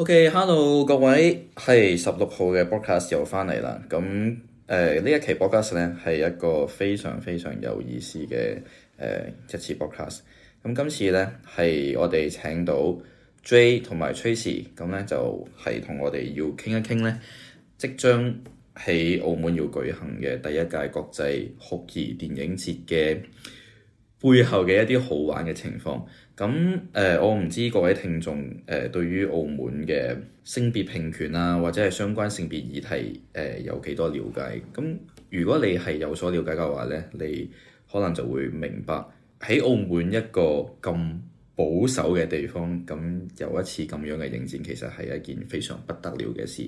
OK Hello，各位係十六號嘅 Podcast 又翻嚟啦。咁誒呢一期 Podcast 咧係一個非常非常有意思嘅誒、呃、一次 Podcast。咁今次咧係我哋請到 Jay 同埋 Tracy 咁咧就係、是、同我哋要傾一傾咧，即將喺澳門要舉行嘅第一屆國際酷兒電影節嘅背後嘅一啲好玩嘅情況。咁誒、呃，我唔知各位聽眾誒、呃、對於澳門嘅性別平權啊，或者係相關性別議題誒、呃、有幾多了解？咁如果你係有所了解嘅話咧，你可能就會明白喺澳門一個咁保守嘅地方，咁有一次咁樣嘅影展，其實係一件非常不得了嘅事。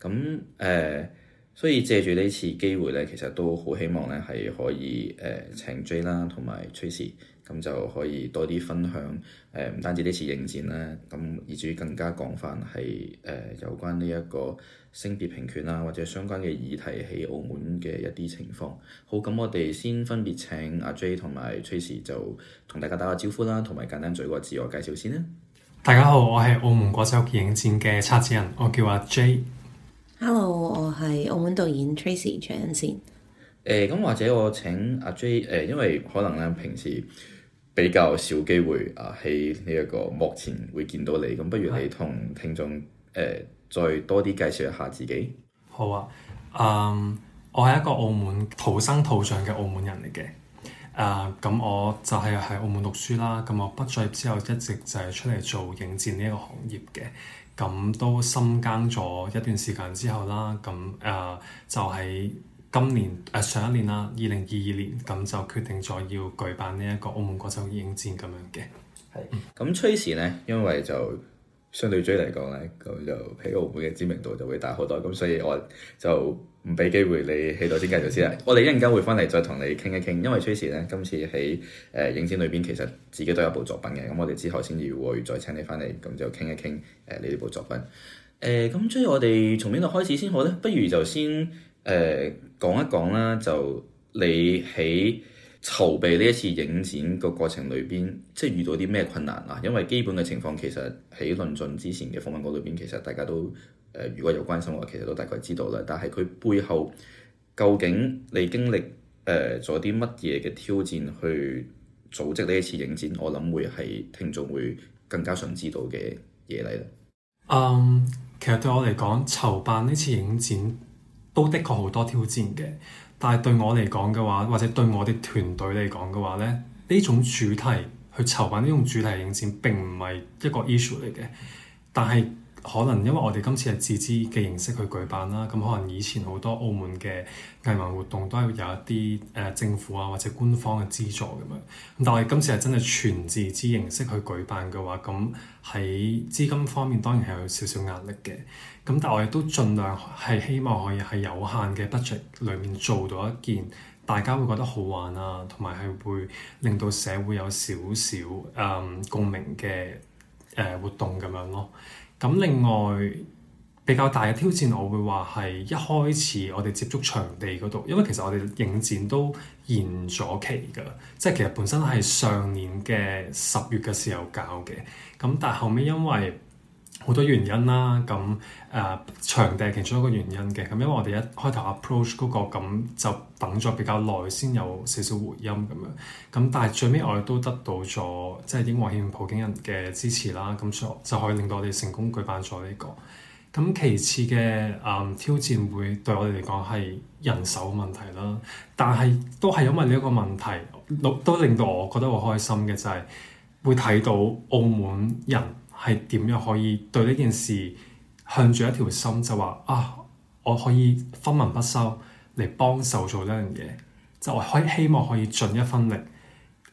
咁誒、呃，所以借住呢次機會咧，其實都好希望咧係可以誒請 J 啦，同埋 Tracy。咁就可以多啲分享，誒、呃、唔單止次戰呢次影展咧，咁以至於更加廣泛係誒、呃、有關呢一個性別平權啊，或者相關嘅議題喺澳門嘅一啲情況。好，咁我哋先分別請阿 Jay 同埋 Tracy 就同大家打個招呼啦，同埋簡單做個自我介紹先啦。大家好，我係澳門國際酷兒影展嘅策展人，我叫阿 Jay。Hello，我係澳門導演 Tracy 徐欣羨。誒咁、呃、或者我請阿 J 誒、呃，因為可能咧平時比較少機會啊喺呢一個幕前會見到你，咁不如你同聽眾誒是、呃、再多啲介紹一下自己。好啊，嗯，我係一個澳門土生土長嘅澳門人嚟嘅，誒、呃、咁、嗯、我就係喺澳門讀書啦，咁、嗯、我畢咗業之後一直就係出嚟做影展呢一個行業嘅，咁、嗯、都深耕咗一段時間之後啦，咁、嗯、誒、呃、就喺。今年誒、呃、上一年啦，二零二二年，咁就決定咗要舉辦呢一個澳門國際影展咁樣嘅。係的，咁崔、嗯、時咧，因為就相對追嚟講呢，咁就喺澳門嘅知名度就會大好多。咁所以，我就唔俾機會你起台先，繼續先啦。嗯、我哋一陣間會翻嚟再同你傾一傾，因為崔時咧今次喺誒、呃、影展裏邊其實自己都有一部作品嘅。咁我哋之後先至會再請你翻嚟，咁就傾一傾誒你呢部作品。誒、呃、所以我哋從邊度開始先好呢？不如就先。誒、呃、講一講啦，就你喺籌備呢一次影展個過程裏邊，即係遇到啲咩困難啊？因為基本嘅情況其實喺論盡之前嘅訪問過裏邊，其實大家都誒、呃、如果有關心嘅話，其實都大概知道啦。但係佢背後究竟你經歷誒咗啲乜嘢嘅挑戰去組織呢一次影展？我諗會係聽眾會更加想知道嘅嘢嚟嘞。嗯，um, 其實對我嚟講，籌辦呢次影展。都的確好多挑戰嘅，但係對我嚟講嘅話，或者對我哋團隊嚟講嘅話咧，呢種主題去籌辦呢種主題影展並唔係一個 issue 嚟嘅，但係，可能因為我哋今次係自資嘅形式去舉辦啦，咁可能以前好多澳門嘅藝文活動都係有一啲誒、呃、政府啊或者官方嘅資助咁樣，咁但係今次係真係全自資形式去舉辦嘅話，咁喺資金方面當然係有少少壓力嘅。咁但係我亦都盡量係希望可以喺有限嘅 budget 裏面做到一件大家會覺得好玩啊，同埋係會令到社會有少少誒、嗯、共鳴嘅誒活動咁樣咯。咁另外比較大嘅挑戰，我會話係一開始我哋接觸場地嗰度，因為其實我哋影展都延咗期㗎，即係其實本身係上年嘅十月嘅時候搞嘅，咁但係後尾因為，好多原因啦，咁誒場地係其中一個原因嘅，咁因為我哋一開頭 approach 嗰個咁就等咗比較耐先有少少回音咁樣，咁但係最尾我哋都得到咗即係英皇、普京人嘅支持啦，咁所就，就可以令到我哋成功舉辦咗呢個，咁其次嘅誒，挑戰會對我哋嚟講係人手問題啦，但係都係因為呢一個問題都，都令到我覺得好開心嘅就係會睇到澳門人。係點樣可以對呢件事向住一條心，就話啊，我可以分文不收嚟幫手做呢樣嘢，就可以希望可以盡一分力，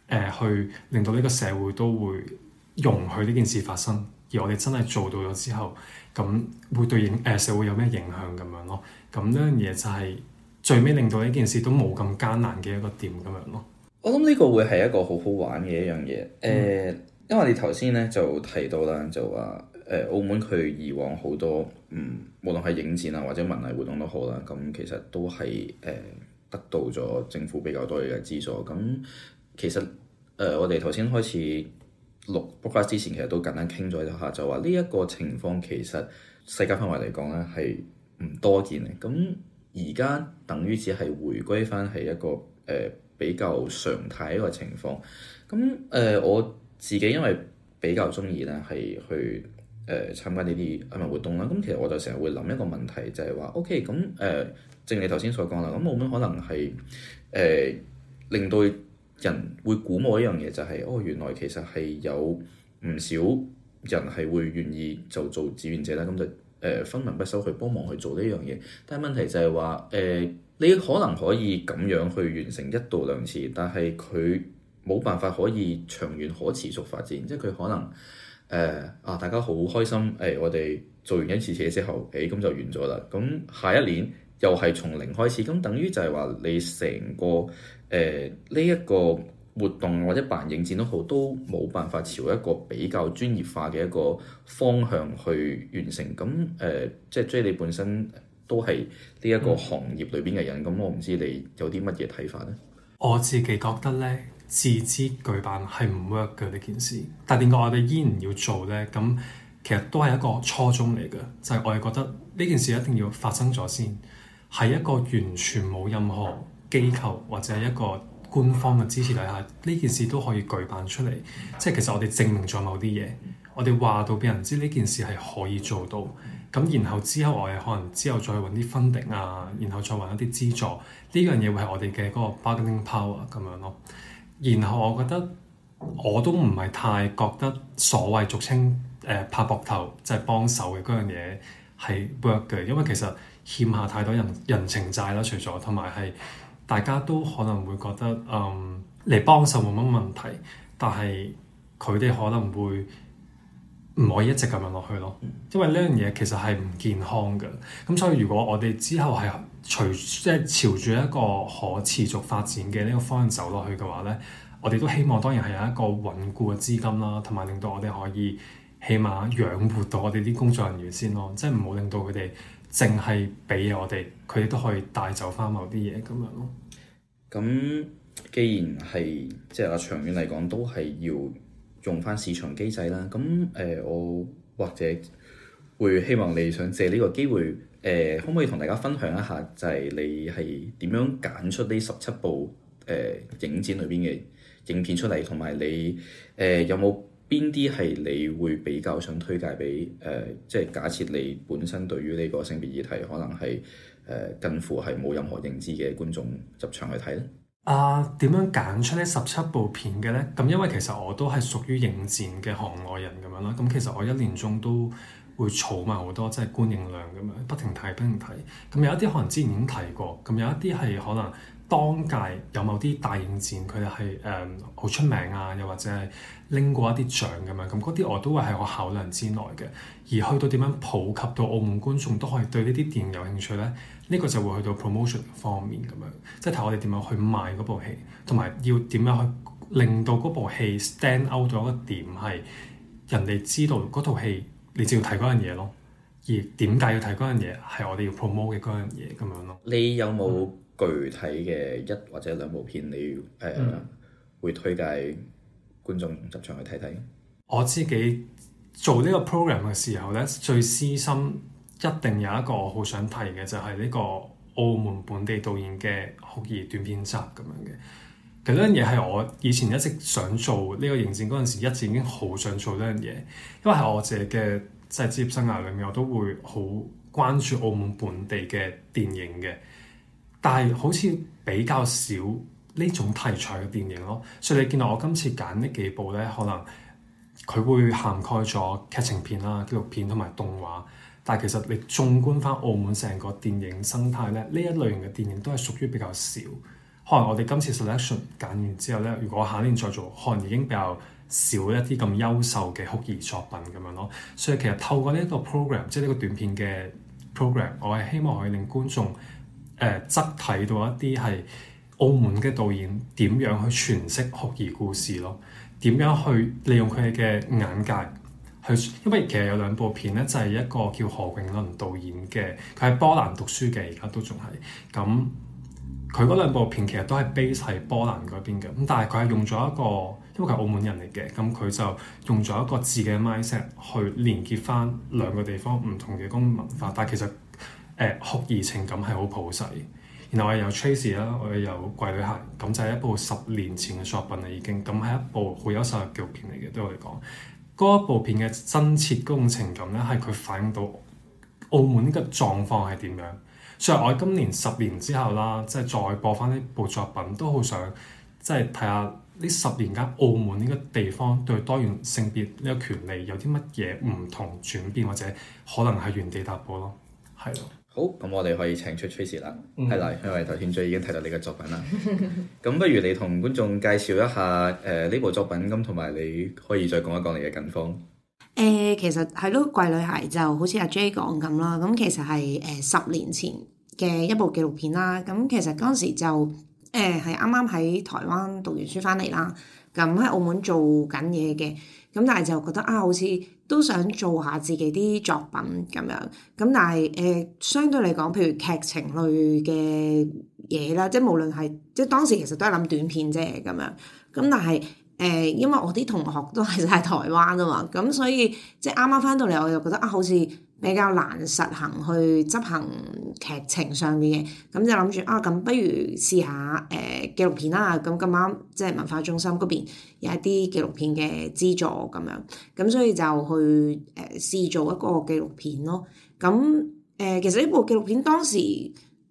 呃、去令到呢個社會都會容許呢件事發生。而我哋真係做到咗之後，咁會對影誒、呃、社會有咩影響咁樣咯？咁呢樣嘢就係最尾令到呢件事都冇咁艱難嘅一個點咁樣咯。我諗呢個會係一個好好玩嘅一樣嘢，誒、嗯。嗯因為你頭先咧就提到啦，就話誒、呃、澳門佢以往好多嗯，無論係影展啊或者文藝活動都好啦，咁其實都係誒、呃、得到咗政府比較多嘅資助。咁其實誒、呃、我哋頭先開始錄 podcast 之前，其實都簡單傾咗一下，就話呢一個情況其實世界範圍嚟講咧係唔多見嘅。咁而家等於只係回歸翻係一個誒、呃、比較常態嘅情況。咁誒、呃、我自己因為比較鍾意咧，係去誒、呃、參加呢啲咁嘅活動啦。咁其實我就成日會諗一個問題，就係、是、話：OK，咁誒、呃，正如你頭先所講啦，咁我諗可能係誒、呃、令到人會鼓舞一樣嘢，就係、是、哦，原來其實係有唔少人係會願意就做志願者啦。咁就誒、呃、分文不收去幫忙去做呢樣嘢。但係問題就係話誒，你可能可以咁樣去完成一到兩次，但係佢。冇辦法可以長遠可持續發展，即係佢可能誒、呃、啊！大家好開心誒、欸，我哋做完一次嘢之後，誒、欸、咁就完咗啦。咁下一年又係從零開始，咁等於就係話你成個誒呢一個活動或者辦影展都好，都冇辦法朝一個比較專業化嘅一個方向去完成。咁誒、呃，即係 Jay 你本身都係呢一個行業裏邊嘅人，咁、嗯、我唔知你有啲乜嘢睇法咧。我自己覺得咧。自資舉辦係唔 work 嘅呢件事，但係點解我哋依然要做呢？咁其實都係一個初衷嚟嘅，就係我哋覺得呢件事一定要發生咗先，係一個完全冇任何機構或者係一個官方嘅支持底下，呢件事都可以舉辦出嚟。即係其實我哋證明咗某啲嘢，我哋話到俾人知呢件事係可以做到。咁然後之後我哋可能之後再揾啲 funding 啊，然後再揾一啲資助，呢樣嘢會係我哋嘅嗰個 bargaining power 咁樣咯。然後我覺得我都唔係太覺得所謂俗稱，誒、呃、拍膊頭就係幫手嘅嗰樣嘢係 work 嘅，因為其實欠下太多人人情債啦，除咗同埋係大家都可能會覺得嗯，嚟幫手冇乜問題，但係佢哋可能會唔可以一直咁樣落去咯，因為呢樣嘢其實係唔健康嘅。咁所以如果我哋之後係，隨即係朝住一個可持續發展嘅呢個方向走落去嘅話咧，我哋都希望當然係有一個穩固嘅資金啦，同埋令到我哋可以起碼養活到我哋啲工作人員先咯，即係唔好令到佢哋淨係俾我哋，佢哋都可以帶走翻某啲嘢咁樣咯。咁既然係即係阿長遠嚟講都係要用翻市場機制啦。咁誒，呃，我或者會希望你想借呢個機會。誒、呃，可唔可以同大家分享一下就是是，就係你係點樣揀出呢十七部誒影展裏邊嘅影片出嚟？同埋你誒、呃、有冇邊啲係你會比較想推介俾誒、呃，即係假設你本身對於呢個性別議題可能係誒、呃、近乎係冇任何認知嘅觀眾入場去睇咧？啊，點樣揀出呢十七部片嘅咧？咁因為其實我都係屬於影展嘅行外人咁樣啦，咁其實我一年中都。會儲埋好多，即係觀影量咁樣不停睇，不停睇。咁有一啲可能之前已經提過，咁有一啲係可能當屆有某啲大影展佢哋係誒好出名啊，又或者係拎過一啲獎咁樣，咁嗰啲我都會係我考量之內嘅。而去到點樣普及到澳門觀眾都可以對呢啲電影有興趣咧，呢、呢個就會去到 promotion 方面咁樣，即係睇我哋點樣去賣嗰部戲，同埋要點樣去令到嗰部戲 stand out 到一個點係人哋知道嗰套戲。你照要睇嗰樣嘢咯，而點解要睇嗰樣嘢，係我哋要 promote 嘅嗰樣嘢咁樣咯。你有冇具體嘅一或者兩部片，你誒會推介觀眾集場去睇睇？嗯、我自己做呢個 program 嘅時候咧，最私心一定有一個好想睇嘅，就係、是、呢個澳門本地導演嘅酷兒短片集咁樣嘅。其實呢樣嘢係我以前一直想做呢個營建嗰陣時，一直已經好想做呢樣嘢，因為係我自己嘅。即係職業生涯裏面，我都會好關注澳門本地嘅電影嘅，但係好似比較少呢種題材嘅電影咯。所以你見到我今次揀呢幾部咧，可能佢會涵蓋咗劇情片啦、紀錄片同埋動畫。但係其實你縱觀翻澳門成個電影生態咧，呢一類型嘅電影都係屬於比較少。可能我哋今次 selection 揀完之後咧，如果下年再做，可能已經比較。少一啲咁優秀嘅酷兒作品咁樣咯，所以其實透過呢一個 program，即係呢個短片嘅 program，我係希望可以令觀眾誒側睇到一啲係澳門嘅導演點樣去詮釋酷兒故事咯，點樣去利用佢哋嘅眼界去，因為其實有兩部片咧，就係一個叫何永倫導演嘅，佢喺波蘭讀書嘅，而家都仲係咁，佢嗰兩部片其實都係 base 係波蘭嗰邊嘅，咁但係佢係用咗一個。都係澳門人嚟嘅，咁佢就用咗一個字嘅 mindset 去連結翻兩個地方唔同嘅公文化，但係其實誒酷兒情感係好普世。然後係有 Tracy 啦，我哋有櫃裏孩，咁就係一部十年前嘅作品啦已經。咁係一部好優秀嘅紀錄片嚟嘅，對我嚟講，嗰一部片嘅真切嗰情感咧，係佢反映到澳門嘅狀況係點樣。所以我今年十年之後啦，即係再播翻呢部作品，都好想即係睇下。呢十年間，澳門呢個地方對多元性別呢、這個權利有啲乜嘢唔同轉變，或者可能係原地踏步咯，係咯。好，咁我哋可以請出 Tracy 啦，係啦、嗯，因為頭先就已經睇到你嘅作品啦。咁 不如你同觀眾介紹一下誒呢、呃、部作品，咁同埋你可以再講一講你嘅近況。誒、呃，其實係咯，《櫃裏孩》就好似阿 Jay 講咁啦。咁其實係誒、呃、十年前嘅一部紀錄片啦。咁其實嗰陣時就誒係啱啱喺台灣讀完書翻嚟啦，咁、嗯、喺澳門做緊嘢嘅，咁、嗯、但係就覺得啊，好似都想做下自己啲作品咁樣，咁、嗯、但係誒、呃，相對嚟講，譬如劇情類嘅嘢啦，即係無論係即係當時其實都係諗短片啫咁樣，咁、嗯、但係誒、呃，因為我啲同學都係喺台灣啊嘛，咁、嗯、所以即係啱啱翻到嚟，我就覺得啊，好似～比較難實行去執行劇情上面嘅，咁就諗住啊，咁不如試下誒、呃、紀錄片啦。咁咁啱即係文化中心嗰邊有一啲紀錄片嘅資助咁樣，咁所以就去誒、呃、試做一個紀錄片咯。咁誒、呃、其實呢部紀錄片當時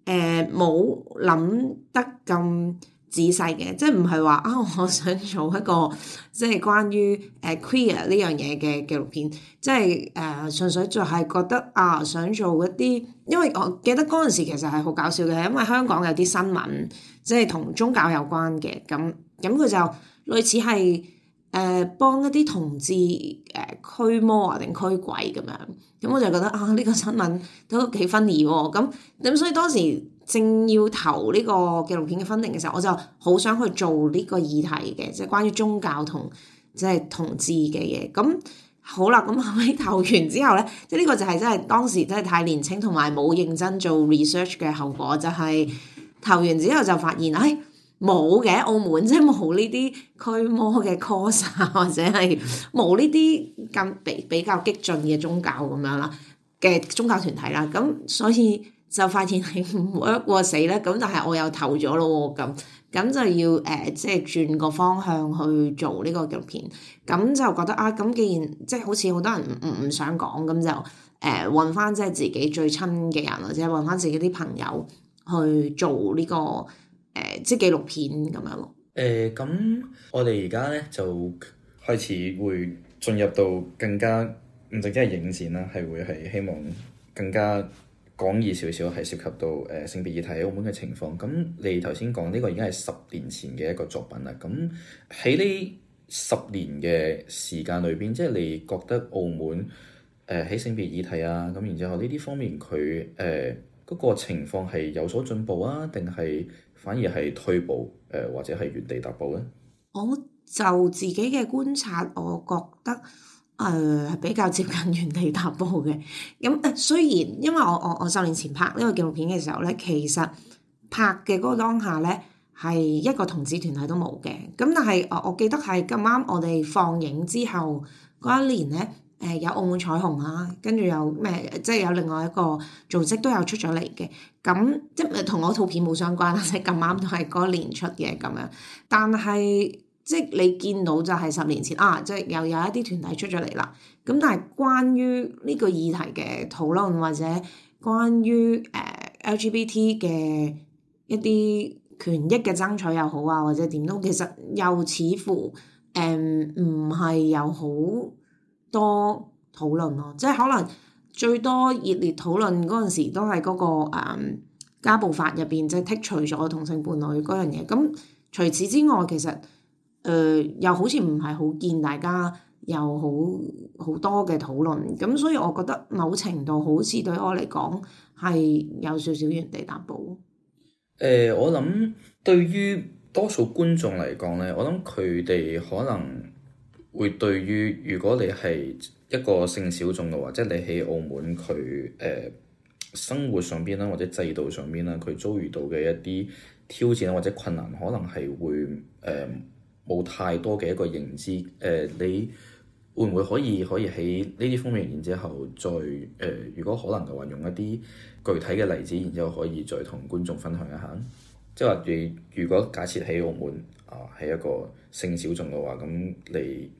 誒冇諗得咁。仔細嘅，即係唔係話啊，我想做一個即係關於誒 queer 呢樣嘢嘅紀錄片，即係誒、呃、純粹就係覺得啊，想做一啲，因為我記得嗰陣時其實係好搞笑嘅，因為香港有啲新聞即係同宗教有關嘅，咁咁佢就類似係誒、呃、幫一啲同志誒、呃、驅魔啊定驅鬼咁樣，咁、嗯嗯、我就覺得啊呢個新聞都幾分離喎，咁、嗯、咁、嗯、所以當時，正要投呢個紀錄片嘅分定嘅時候，我就好想去做呢個議題嘅，即係關於宗教同即係同志嘅嘢。咁好啦，咁後尾投完之後咧，即係呢個就係真係當時真係太年青，同埋冇認真做 research 嘅後果，就係、是、投完之後就發現，唉、哎，冇嘅，澳門即係冇呢啲驅魔嘅 course，或者係冇呢啲咁比比較激進嘅宗教咁樣啦嘅宗教團體啦，咁所以。就發現係 work 過死啦，咁但係我又投咗咯喎，咁咁就要誒、呃，即係轉個方向去做呢個紀錄片，咁就覺得啊，咁既然即係好似好多人唔唔唔想講，咁就誒揾翻即係自己最親嘅人，或者揾翻自己啲朋友去做呢、呢個誒、呃、即紀錄片咁樣咯。誒、呃，咁我哋而家咧就開始會進入到更加唔凈止即係影展啦，係會係希望更加。講易少少係涉及到誒、呃、性別議題喺澳門嘅情況，咁你頭先講呢個已經係十年前嘅一個作品啦。咁喺呢十年嘅時間裏邊，即係你覺得澳門誒喺、呃、性別議題啊，咁然之後呢啲方面佢誒嗰個情況係有所進步啊，定係反而係退步誒、呃，或者係原地踏步咧？我就自己嘅觀察，我覺得。誒、uh，比較接近原地踏步嘅，咁雖然因為我我我十年前拍呢個紀錄片嘅時候咧，其實拍嘅嗰個當下咧係一個同志團體都冇嘅，咁但係我，我記得係咁啱我哋放映之後嗰一年咧，誒、呃、有澳門彩虹啊，跟住又咩即係有另外一個組織都有出咗嚟嘅，咁即係同我套片冇相關啦，係咁啱都係嗰一年出嘅咁樣，但係。即係你見到就係十年前啊！即係又有一啲團體出咗嚟啦。咁但係關於呢個議題嘅討論，或者關於誒、呃、LGBT 嘅一啲權益嘅爭取又好啊，或者點都，其實又似乎誒唔係有好多討論咯。即係可能最多熱烈討論嗰陣時，都係嗰、嗰個、呃、家暴法入邊即係剔除咗同性伴侶嗰樣嘢。咁除此之外，其實誒、呃，又好似唔係好見大家，有好好多嘅討論，咁所以我覺得某程度好似對我嚟講係有少少原地踏步。誒、呃，我諗對於多數觀眾嚟講咧，我諗佢哋可能會對於如果你係一個性小眾嘅話，即係你喺澳門佢誒、呃、生活上邊啦，或者制度上邊啦，佢遭遇到嘅一啲挑戰或者困難，可能係會誒。呃冇太多嘅一個認知，誒、呃，你會唔會可以可以喺呢啲方面然之後再誒、呃，如果可能嘅話，用一啲具體嘅例子，然之後可以再同觀眾分享一下。即係話如果假設喺澳門啊，係一個性小眾嘅話，咁你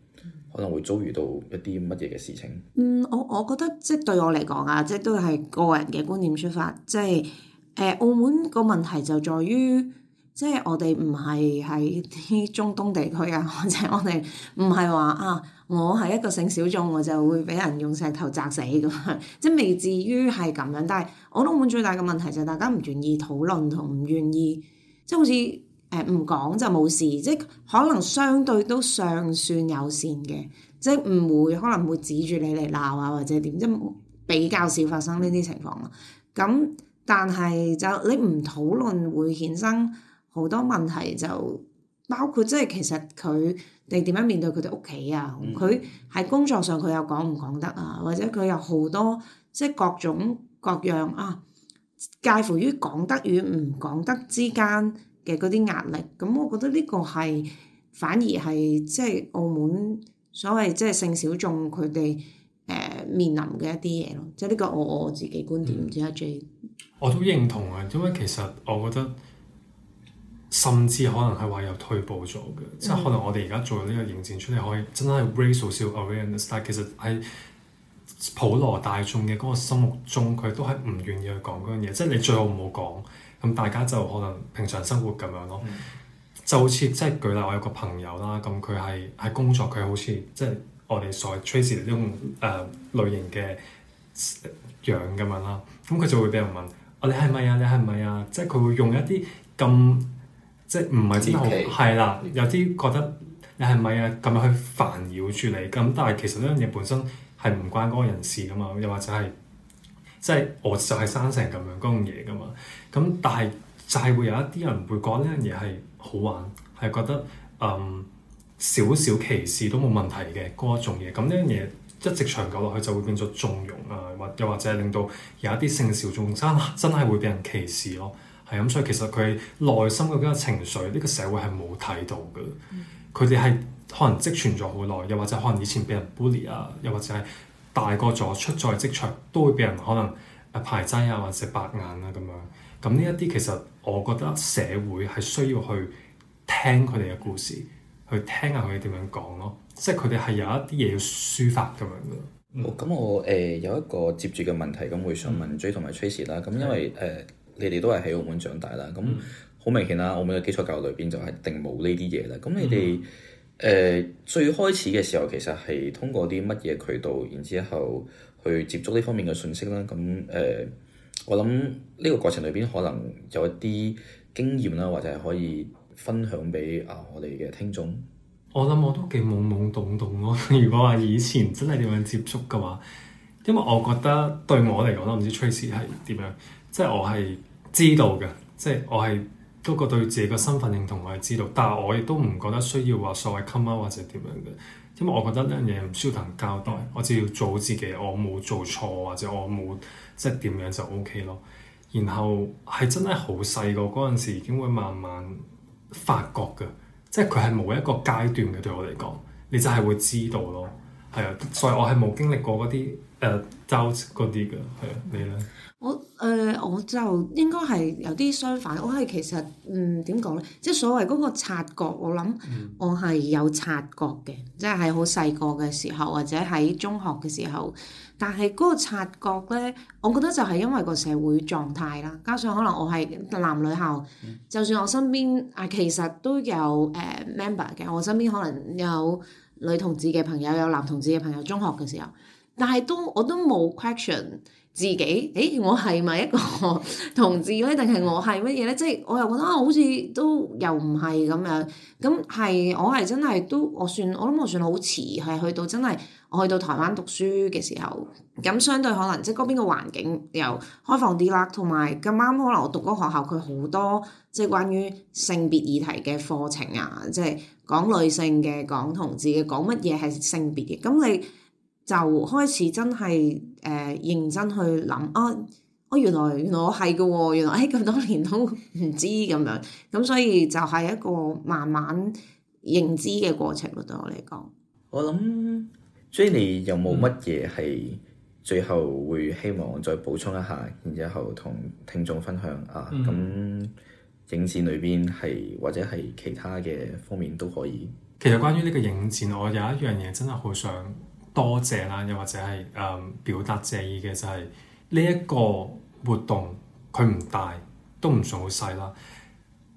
可能會遭遇到一啲乜嘢嘅事情？嗯，我我覺得即係對我嚟講啊，即係都係個人嘅觀念出發，即係、呃、澳門個問題就在於。即係我哋唔係喺啲中東地區啊，或 者我哋唔係話啊，我係一個性小眾啊，我就會俾人用石頭砸死咁。 即係未至於係咁樣。但係我覺得澳門最大嘅問題就係大家唔願意討論同唔願意，即係好似誒唔講就冇事，即係可能相對都尚算友善嘅，即係唔會可能會指住你嚟鬧啊或者點，即係比較少發生呢啲情況啦。咁但係就你唔討論會衍生好多問題就包括即係其實佢哋點樣面對佢哋屋企啊，佢喺、嗯、工作上佢又講唔講得啊，或者佢有好多即係各種各樣啊，介乎於講得與唔講得之間嘅嗰啲壓力，咁我覺得呢個係反而係即係澳門所謂即係性小眾佢哋誒面臨嘅一啲嘢咯，即係呢個我我自己觀點，唔知阿 J 我都認同啊，因為其實我覺得。甚至可能係話有退步咗嘅，嗯、即係可能我哋而家做呢個影展出嚟，可以真係 raise social awareness，但其實喺普羅大眾嘅嗰個心目中，佢都係唔願意去講嗰樣嘢，即係你最好唔好講，咁大家就可能平常生活咁樣咯。嗯、就好似即係舉例，我有個朋友啦，咁佢係喺工作，佢好似即係我哋所謂 Tracy 呢種誒、呃、類型嘅樣咁樣啦，咁佢就會俾人問：我、oh, 你係咪啊？你係咪啊？即係佢會用一啲咁。即係唔係知係係啦，有啲覺得你係咪啊咁樣去煩擾住你咁？但係其實呢樣嘢本身係唔關嗰個人事噶嘛，又或者係即係我就係生成咁樣嗰種嘢噶嘛。咁但係就係會有一啲人會講呢樣嘢係好玩，係覺得嗯少少歧視都冇問題嘅嗰一種嘢。咁呢樣嘢一直長久落去就會變咗縱容啊，或又或者係令到有一啲性小眾生真係會畀人歧視咯、啊。係咁，所以其實佢內心嗰個情緒，呢個社會係冇睇到嘅。佢哋係可能積存咗好耐，又或者可能以前俾人 bully 啊，又或者係大個咗出在職場都會俾人可能誒排擠啊，或者白眼啊咁樣。咁呢一啲其實我覺得社會係需要去聽佢哋嘅故事，去聽下佢哋點樣講咯。即係佢哋係有一啲嘢要抒發咁樣嘅。好、嗯嗯，咁我誒有一個接住嘅問題，咁會想問 J 同埋 Tracy 啦。咁因為誒。你哋都係喺澳門長大啦，咁好明顯啦，澳門嘅基礎教育裏邊就係定冇呢啲嘢啦。咁你哋誒、嗯呃、最開始嘅時候，其實係通過啲乜嘢渠道，然後之後去接觸呢方面嘅信息啦？咁誒、呃，我諗呢個過程裏邊可能有一啲經驗啦，或者係可以分享俾啊我哋嘅聽眾。我諗我都幾懵懵懂懂咯。如果話以前真係點樣接觸嘅話，因為我覺得對我嚟講都唔知 Tracy 係點樣，即係我係。知道嘅，即係我係都個對自己嘅身份認同，我係知道，但係我亦都唔覺得需要話所謂 come out 或者點樣嘅，因為我覺得呢樣嘢唔需要同人交代，我只要做好自己，我冇做錯或者我冇即係點樣就 OK 咯。然後係真係好細個嗰陣時已經會慢慢發覺嘅，即係佢係冇一個階段嘅，對我嚟講，你就係會知道咯。係啊，所以我係冇經歷過嗰啲。誒，就嗰啲嘅係啊，你咧我誒，我就應該係有啲相反。我係其實嗯點講咧，即係所謂嗰個察覺，我諗我係有察覺嘅，嗯、即係喺好細個嘅時候，或者喺中學嘅時候。但係嗰個察覺咧，我覺得就係因為個社會狀態啦，加上可能我係男女校，嗯、就算我身邊啊，其實都有誒、uh, member 嘅。我身邊可能有女同志嘅朋友，有男同志嘅朋友。中學嘅時候。但係都我都冇 question 自己，誒我係咪一個同志咧？定係我係乜嘢咧？即係我又覺得、啊、好似都又唔係咁樣。咁係我係真係都我算我諗我算好遲係去到真係我去到台灣讀書嘅時候。咁相對可能即係嗰邊嘅環境又開放啲啦，同埋咁啱可能我讀嗰個學校佢好多即係關於性別議題嘅課程啊，即係講女性嘅、講同志嘅、講乜嘢係性別嘅。咁你，就開始真係誒、呃，認真去諗啊！哦，原來我係嘅喎，原來誒咁、哦、多年都唔知咁樣咁，所以就係一個慢慢認知嘅過程咯。對我嚟講，我諗 Jay 你有冇乜嘢係最後會希望再補充一下，然之後同聽眾分享啊？咁影展裏邊係或者係其他嘅方面都可以。其實關於呢個影展，我有一樣嘢真係好想。多謝啦，又或者係誒、呃、表達謝意嘅就係呢一個活動，佢唔大都唔算好細啦，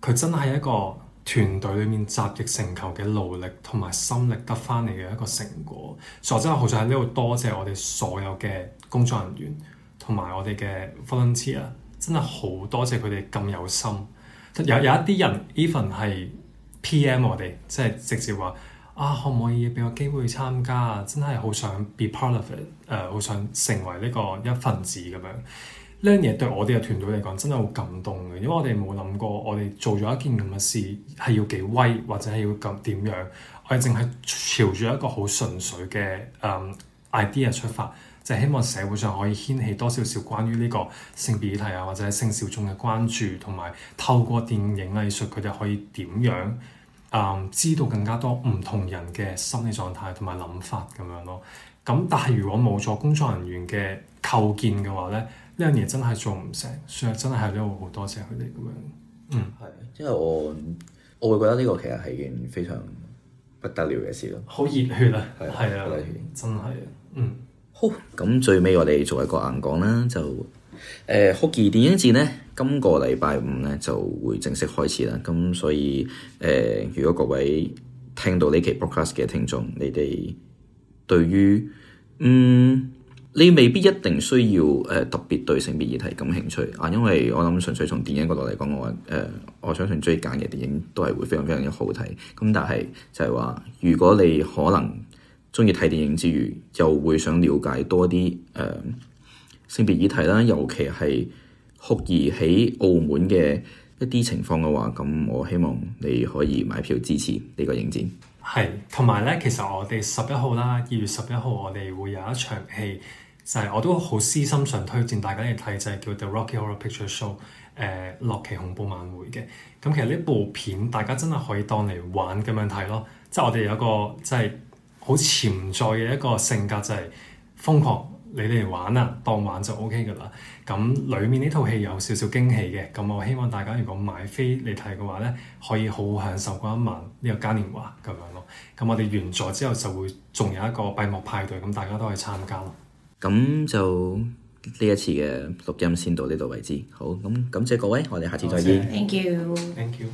佢真係一個團隊裏面集腋成裘嘅勞力同埋心力得翻嚟嘅一個成果。所以真係好想喺呢度多謝我哋所有嘅工作人員同埋我哋嘅 volunteer，真係好多謝佢哋咁有心。有有一啲人 even 係 PM 我哋，即係直接話。啊，可唔可以俾個機會參加啊？真係好想 be part of it，誒、呃，好想成為呢個一份子咁樣。呢樣嘢對我哋嘅團隊嚟講，真係好感動嘅。因為我哋冇諗過，我哋做咗一件咁嘅事係要幾威，或者係要咁點樣？我哋淨係朝住一個好純粹嘅、嗯、idea 出發，就係、希望社會上可以掀起多少少關於呢個性別議題啊，或者性小眾嘅關注，同埋透過電影藝術，佢哋可以點樣？誒知道更加多唔同人嘅心理狀態同埋諗法咁樣咯，咁但係如果冇咗工作人員嘅構建嘅話咧，呢樣嘢真係做唔成，所以真係都要好多謝佢哋咁樣。嗯，係，因為我我會覺得呢個其實係件非常不得了嘅事咯，好熱血啊，係啊的，熱的血真係啊，嗯，好，咁最尾我哋做一個硬講啦，就、呃、h g g y 電影節咧？今個禮拜五呢就會正式開始啦，咁所以誒、呃，如果各位聽到呢期 broadcast 嘅聽眾，你哋對於嗯，你未必一定需要誒、呃、特別對性別議題感興趣啊，因為我諗純粹從電影角度嚟講嘅話，誒、呃，我相信最揀嘅電影都係會非常非常之好睇。咁但係就係話，如果你可能鍾意睇電影之餘，又會想了解多啲誒、呃、性別議題啦，尤其係。酷兒喺澳門嘅一啲情況嘅話，咁我希望你可以買票支持呢個影展。係，同埋咧，其實我哋十一號啦，二月十一號我哋會有一場戲，就係、是、我都好私心想推薦大家嚟睇，就係、是、叫 The Rocky Horror Picture Show，誒、呃《樂奇恐怖晚會》嘅。咁其實呢部片，大家真係可以當嚟玩咁樣睇咯，即、就、係、是、我哋有一個即係好潛在嘅一個性格，就係、是、瘋狂。你哋玩啊，當玩就 OK 㗎啦。咁裡面呢套戲有少少驚喜嘅，咁我希望大家如果買飛嚟睇嘅話咧，可以好好享受嗰一晚呢個嘉年華咁樣咯。咁我哋完咗之後就會仲有一個閉幕派對，咁大家都可以去參加咯。咁就呢一次嘅錄音先到呢度為止。好，咁感謝各位，我哋下次再見。Thank you。